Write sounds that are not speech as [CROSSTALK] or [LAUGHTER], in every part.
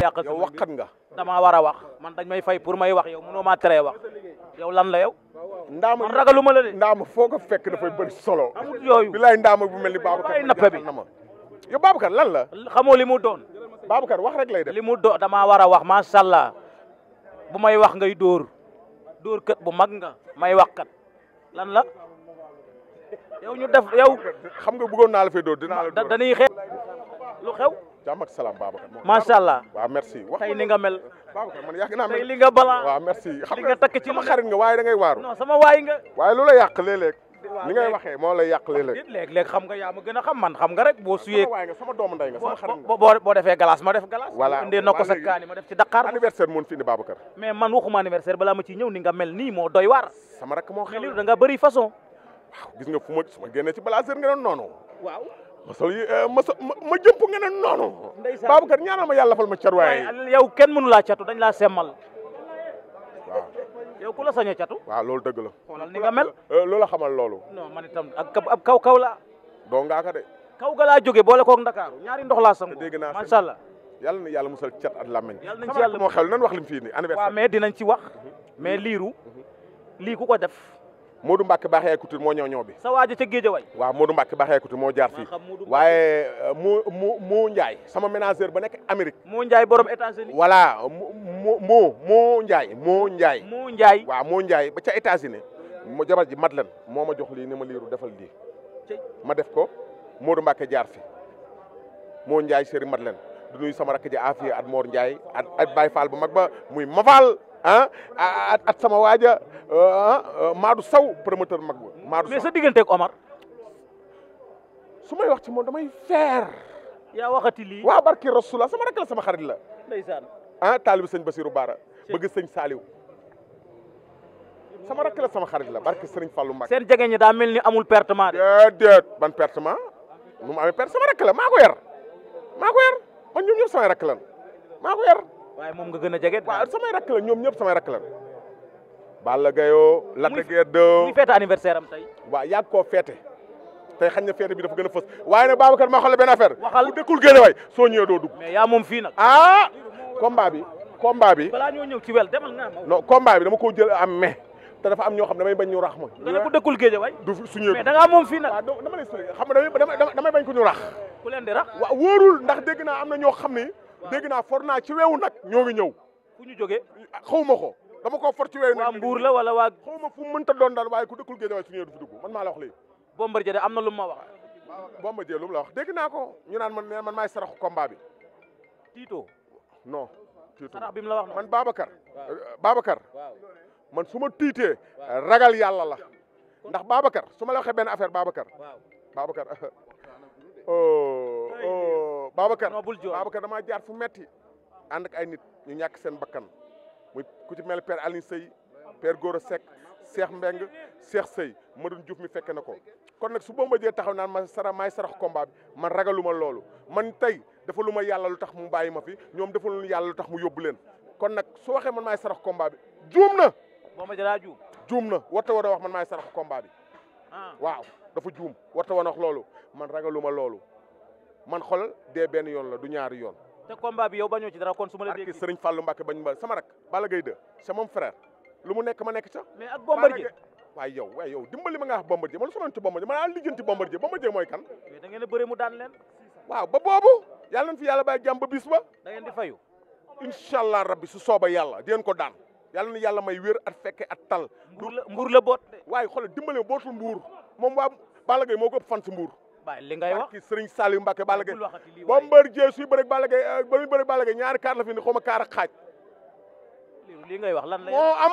yàq yow waxkat nga damaa war a wax man dañ may fay pour may wax yow mënoo maa teree wax yow lan la yow ndaama man ragalu ma la de ndaama foo ko fekk dafay bëri solo amul yooyu bilaay ndaama bu mel ni Babacar nappe bi yow Babacar lan la xamoo li mu doon Babacar wax rek lay def li mu doon damaa war a wax macha allah bu may wax ngay dóor dóor kat bu mag nga may wax kat lan la yow ñu def yow xam nga bëggoon naa la fay dóor dinaa la jàmm ak salaam Babacar. macha allah waaw merci. nga mel. Babacar man naa mel tey li nga balaa. waaw merci xam nga li nga takk ci waaru. non sama waay nga. waaye lu la yàq léeg-léeg. li ngay moo la yàq léeg-léeg. léeg-léeg xam nga yaa ma gën a xam man xam nga rek boo suyee. sama waay nga sama doomu ndey nga sama xarit nga. boo boo boo defee glace ma def glace. voilà indee nokko ma def ci Dakar. man waxuma anniversaire balaa ma ciy ñëw ni mel nii moo doy waar. sama rakk moo xel da nga façon. waaw nga fu ma su ma génnee ci balaasër nga doon ma yi eh, masa ma jëmp nga ne noonu Babacar ñaanal ma yàlla fal ma cat waaye yow kenn mënu laa catu dañ laa semmal waaw yow ku la sañ a catu waaw loolu dëgg la xoolal ni nga mel eh, loola xamal loolu non man itam ak ab kaw kaw la doo ngaa ka de kaw ga laa jóge boole koog Ndakaaru ñaari ndox laa sangu dégg naa a allah yàlla na yàlla musal cat at làmmiñ yàlla nañ ci yàlla moo xel nan wax lim fii nii anniversaire waaw mais dinañ ci wax mhm. mais mhm. liiru lii ku ko def Modou Mbacke Bakhye Couture moo ñëw ñëw bi. sa waaju ca Géejawaay. waaw Modou Mbacke Bakhye Couture moo jaar fii waaye euh, mu mu mu Ndiaye sama ménageur ba nekk Amérique. mu Ndiaye borom États-Unis. voilà mu mu mu mu Ndiaye. mu Ndiaye waaw mu Ndiaye ba ca États-Unis mu jabar ji Madeleine moo ma jox lii ni ma liiru defal lii ma def ko Modou Mbacke jaar fi mu Ndiaye Serigne Madeleine du nuyu sama rakk ji Afia ak Mor Ndiaye ak Baye Fall bu mag ba muy Mafal. ah sama waaja ah, ah, Maadou Sow promoteur mag ba Maadou Sow mais sa digganteeg Omar. su may wax ci moom damay feer. yaa waxati lii. waa barki Rasulullah sama rakk la sama xarit la. ndeysaan ah taalibu sëñ Basirou Baara sëñ Saliou. sama rakk la la barki Serigne Fallou Mbacke. seen jege ñi daa mel ni amul pertement de. déedéet ban pertement nu mu amee perte sama rakk maa ko yar maa ko yar man ñoom ñëpp samay rakk maa ko yar. waaye moom nga gën a jege. waaw samay rakk la ñoom ñëpp samay rakk la. Balla Gaye Lac de Guiers 2 muy anniversaire am tey. waaw yàgg koo fête tey xañ na fête bi dafa gën a fës waaye nag Babacar maa xool benn affaire. waxal bu dëkkul génne waay soo ñëwee doo dugg. mais yaa moom fii nag. ah ñoo ñëw ci wel demal nga ma. non combat bi dama koo jël am mais te dafa am ñoo xam damay bañ ñu rax dëkkul géej waay. du su ñëwee mais da ngaa moom fii nag. waaw dama lay sori ndax dégg naa am na ñoo xam ni dégg naa for naa ci weewu nag ñoo ngi ñëw. fu ñu jógee xaw ko dama ko for ci weewu nag. waa Mbuur la wala waa. xaw ma fu mu ta doon daal waaye ku dëkkul Guédiawaye su ñëwee du fi dugg man maa la wax léegi. Bombardier de am na lu ma wax. Bombardier lu mu la wax dégg naa ko ñu naan man man maay saraxu combat bi. Tito. non Tito sarax bi mu la wax man Babacar. Babacar. su ma tiitee ragal yàlla la ndax Babacar su ma la waxee benn affaire Babacar. Babacar. [LAUGHS] Oh. Babacar Babacar damaa jaar fu metti ànd ak ay nit ñu ñàkk seen bakkan ku ci mel père Aline Sey père a Seck Cheikh Mbeng Cheikh Sey Madoune Diouf mi fekke na ko kon nag su ba Bombardier taxaw naan ma sara maay sarax combat bi man ragaluma loolu man tey dafa lu ma yàlla lu tax mu bàyyi ma fi ñoom dafa lu yàlla lu tax mu yóbbu leen kon nag su waxee man maay sarax combat bi juum na Bombardier daa juum juum na warta war a wax man maay sarax combat bi ah. waaw dafa juum warta woon wax loolu man ragaluma loolu man xolal dee benn yoon la du ñaari yoon. te combat bi yow bañoo ci dara kon su a la déggee. Sëriñ Fallou Mbacke bañ ma sama rak Balla Gaye 2 c'est mon lu mu nekk ma nekk ca. mais ak Bombardier waaye yow waaye yow dimbali ma nga wax Bombardier man sama ntu Bombardier man daal lijjanti Bombardier Bombardier mooy kan. mais da ngeen a bëre mu daan leen. waaw ba boobu yàlla na fi yàlla baa jàmm ba bis ba. da ngeen di fayu. incha allah rabbi su sooba yàlla di ngeen ko daan yàlla na yàlla may wér at fekke at tal. mbuur la mbuur la boot. waaye xoolal dimbali ma bootul mbuur moom m Balla Gaye moo ko ëpp mbuur waaye li ngay wax sëriñ Saliou Mbacke Balla Gaye Bombardier suy bëreeg Balla Gaye euh, ba muy bëreeg Balla Gaye ñaari kaar la fi ngay wax lan moo am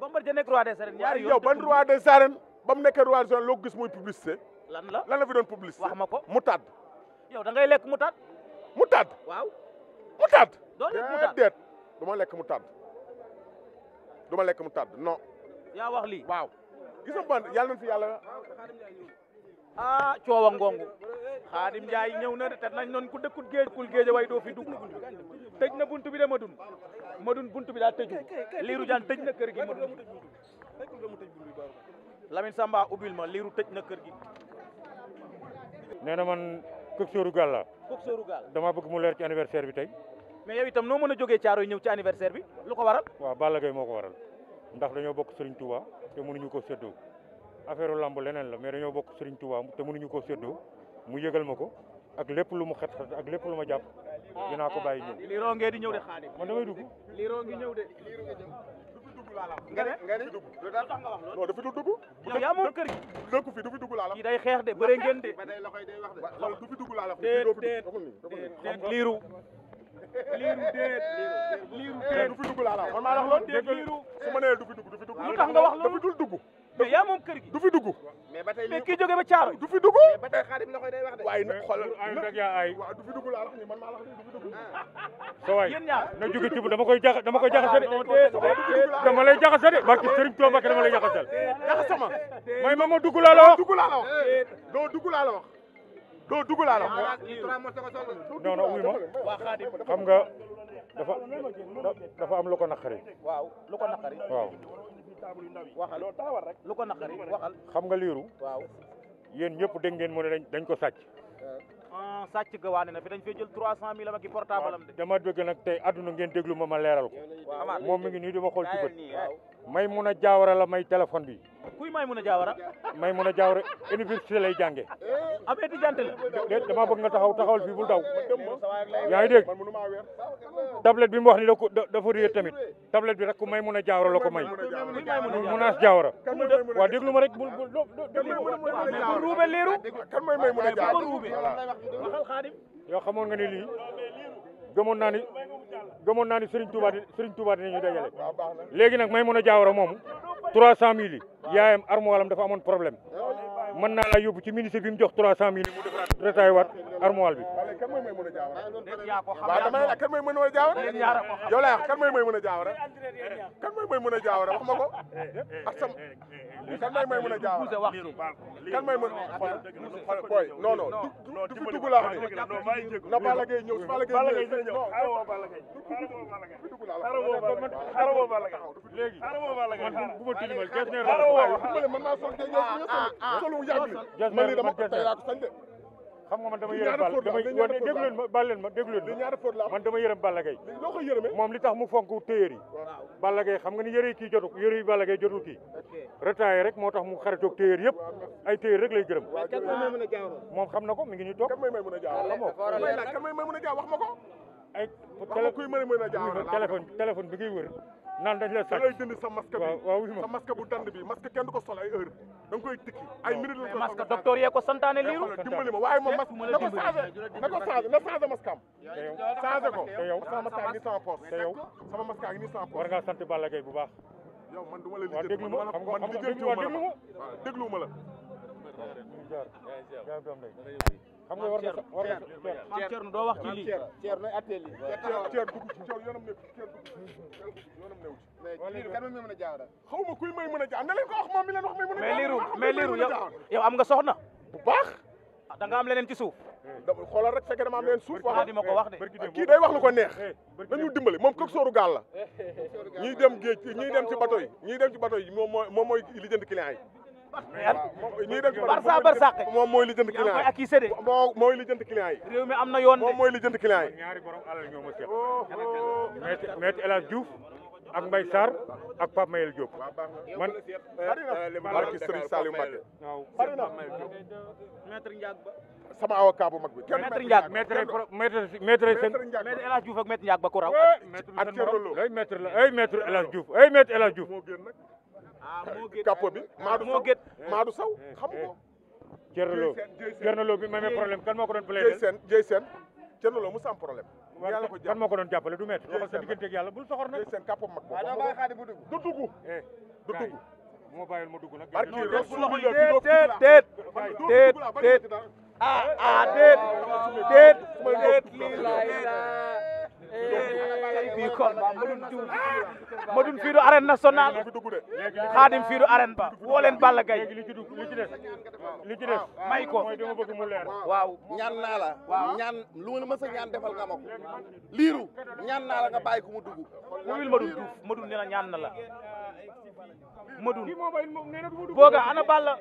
Bombardier nekk roi des arènes ñaari yoon yow ban roi des ba mu nekkee roi des arènes loo gis muy publicité lan la lan la fi doon publicité wax ma ko mu tàdd yow da ngay lekk mu tàdd mu tàdd waaw mu tàdd doo ma lekk mu tàdd lekk mu tàdd non yaa wax lii waaw gis nga ban yàlla na fi yàlla ah coowa ngongu xaadim njaay ñëw na te nañ noon ku dëkkut géej kul géej way doo fi dugg tëj na buntu bi de madun madun bunt bi daal tëju liiru jaan tëj na kër gi madun Lamine Samba ubbil ma liiru tëj na kër gi nee na man cook sooru gaal la cook sooru dama bëgg mu leer ci anniversaire bi tey mais yow itam noo mën a joge caaro yi ñëw ci anniversaire bi lu ko waral waa Balla Gaye moo ko waral ndax dañoo bokk Serigne Touba te mënuñu ko séddoo affaire lamb leneen la mais dañoo bokk Serigne Touba te mënuñu koo séddoo mu yëgal ma ko ak lépp lu mu xet xet ak lépp lu ma jàpp dinaa ko bàyyi ñëw. lii rongee di ñëw de xaadim. man damay dugg. lii rongee ñëw de. nga ne nga ne loolu daal tax nga wax loolu. non dafa dul dugg. yow yaa kër gi. fi du fi dugg laa la. kii day xeex de bëre ngeen de. xool du fi dugg laa la. déet déet déet liiru. liiru déet. liiru déet du fi dugg laa la man maa wax loolu. déet liiru su ma nee du fi dugg du fi dugg. nga wax loolu dul dugg. mais yaa moom kër gi du fi dugg mais kii jóge ba caaro du fi dugg waaye nag xoolal ay nag yaa ay waaw du fi dugg laa wax ni man maa wax ni du ah. na jóge ci dama koy jax dama koy jaxase de ah, dama lay jaxase de barki Serigne Touba Mbacké dama lay jaxasal eh, eh, eh, jaxasama may ma ma dugg laa la wax dugg laa la wax doo dugg laa wax doo dugg laa la wax non non wuy ma xam nga dafa dafa am lu ko naqari waaw lu ko naqari waaw waxal lu ko naqari waxal. xam nga liiru. waaw yéen ñëpp dégg ngeen mu ne dañ ko sàcc. Euh, sàcc ga waane na fi dañ fee jël trois cent mille ak i portable am de. dama bëgg nag tey àdduna ngeen déglu ma ma leeral ko. moom mi ngi nii dama xool ci bët. may mun a jaawaral a may téléphone bi. kuy Maimouna Diawara. Maimouna Diawara université lay jànge. Eh, amee di jante la. déet damaa bëgg nga taxaw taxawal fii bul daw. yaa ngi dégg tablette bi mu wax ni da ko dafa réer tamit tablette bi rek ku Maimouna Diawara la ko may. Mounass Diawara. waaw déglu ma rek bul bul do do ruube leeru. kan mooy Maimouna Diawara ruube. waxal xaadim. yow xamoon nga ni lii gëmoon naa ni gëmoon naa ni Serigne Touba Serigne Touba dinañu dajale léegi nag a Diawara moomu. trois cent mille yi yaayam armoilam dafa amoon problème mën naa la yóbbu ci ministre bi mu jox trois cent mille yi mu defaraat retaay bi kan mooy may mën a jaawara waaw dama ne la kan mooy mën a jaawara yow laa wax kan mooy may mën a jaawara kan mooy may mën a jaawara wax ma ko ak sama kan mooy may mën a jaawara kan mooy mën xool booy non non du fi dugg laa wax de na Balla Gaye ñëw Balla Gaye ñëw non fi dugg laa wax léegi man bu ma tilimal gees neer la waaye mën naa sol jëg yow solu yàgg ma lii dama ko tey laa ko sañ de xam nga man dama yërëm Balla ma bàyyi leen moom li tax mu fonk téyeer yi Balla Gaye xam nga ni yëre yi kii jotu yëre yi Balla Gaye rek moo tax mu xaritoog téyeer yëpp ay téyeer rek lay gërëm moom xam na ko mi ngi ñu toog kan may may mën a jaaw xamoo kan may bi ngay wër naan dañ lay sàcc da ngay bu dand bi masque kenn du ko sol ay heure da koy tikki ay minute la masque docteur yee ko santaane liiru na ko changé na ko changé na changé masque am changé ko te yow a ngi sans poche te yow sama masque ni sans poche war ngaa sant Balla Gaye bu baax yow man du ma la la xam nga war na war na Thierno Thierno doo wax ci lii Thierno nooy atté lii Thierno dugg ci Thierno yoonam ne Thierno dugg ci yoonam ne mais kan ma mën a jaawara xaw ma kuy may mën a jaaw na a mais liiru am nga soxna bu baax da am leneen ci suuf xoolal rek fekk dama am leen suuf wax di ma ko wax de kii day wax lu ko neex nañu dimbali moom kooku sooru gaal la dem géej ñiy dem ci bateau yi dem ci bateau moom mooy li jënd client yi barça barsax moom mooy li jënd client yi ak de mooy li jënd client yi réew mi am na yoon moom mooy li jënd client yi ñaari borom alal ñoo ma seq oh, oh. maître ak Mbaye Sarr ak Pape Mayel Diop man eh, barki eh, Serigne Saliou Mbacké bari na maître Ndiaye ba sama avocat bu mag bi maître Ndiaye maître maître maître El Hadj Diouf ak maître Ndiaye ba ko eh, ay maître El Hadj Diouf ay kàpp ah, euh, bi ah, Maadou Sow eh, Maadou Sow eh, xam na ko. Thierno eh. Lo Thierno Lo bi ma amee problème kan moo ko doon plaidé. Dieye Sène Dieye Sène Thierno Lo mu am problème. ko jàpp kan moo ko doon jàppale du métti. waxal sa digganteeg yàlla bul soxor nag. Dieye Sène kàppam mag boobu waaw du dugg du dugg. moo bàyyil ma dugg lii la ñuy kool madun Diouf madun fii du arène nationale xaadim fii du arène ba woo leen Balla Gaye li ci des li ci des may ko mooy dama bëgg mu leer waaw ñaan naa la waaw la mës a ñaan defal nga ma ko liiru ñaan naa la nga bàyyi ko mu dugg wuyul madun Diouf madun nee na ñaan na la madun booga ana Balla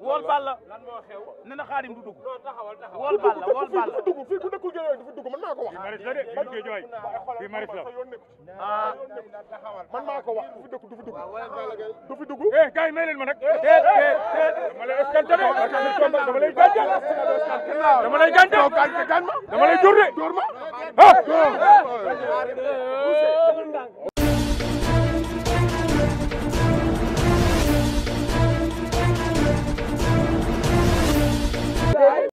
wool Balla nee na xaadim du dugg wool Balla wool Balla dafa dugg fii ku dëkkul géej dafa dugg man maa ko wax maris la de ñu géej waay fii maris la ah man maa ko wax du fi dëkk du fi dugg du fi dugg eh gars yi may leen ma nag déet eh, déet eh, eh, dama lay escanté dama lay jur ma ah